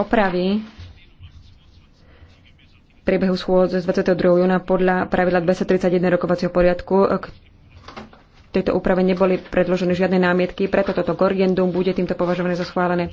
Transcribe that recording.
opravy priebehu schôdze z 22. júna podľa pravidla 231 rokovacieho poriadku k tejto úprave neboli predložené žiadne námietky, preto toto korgendum bude týmto považované za schválené.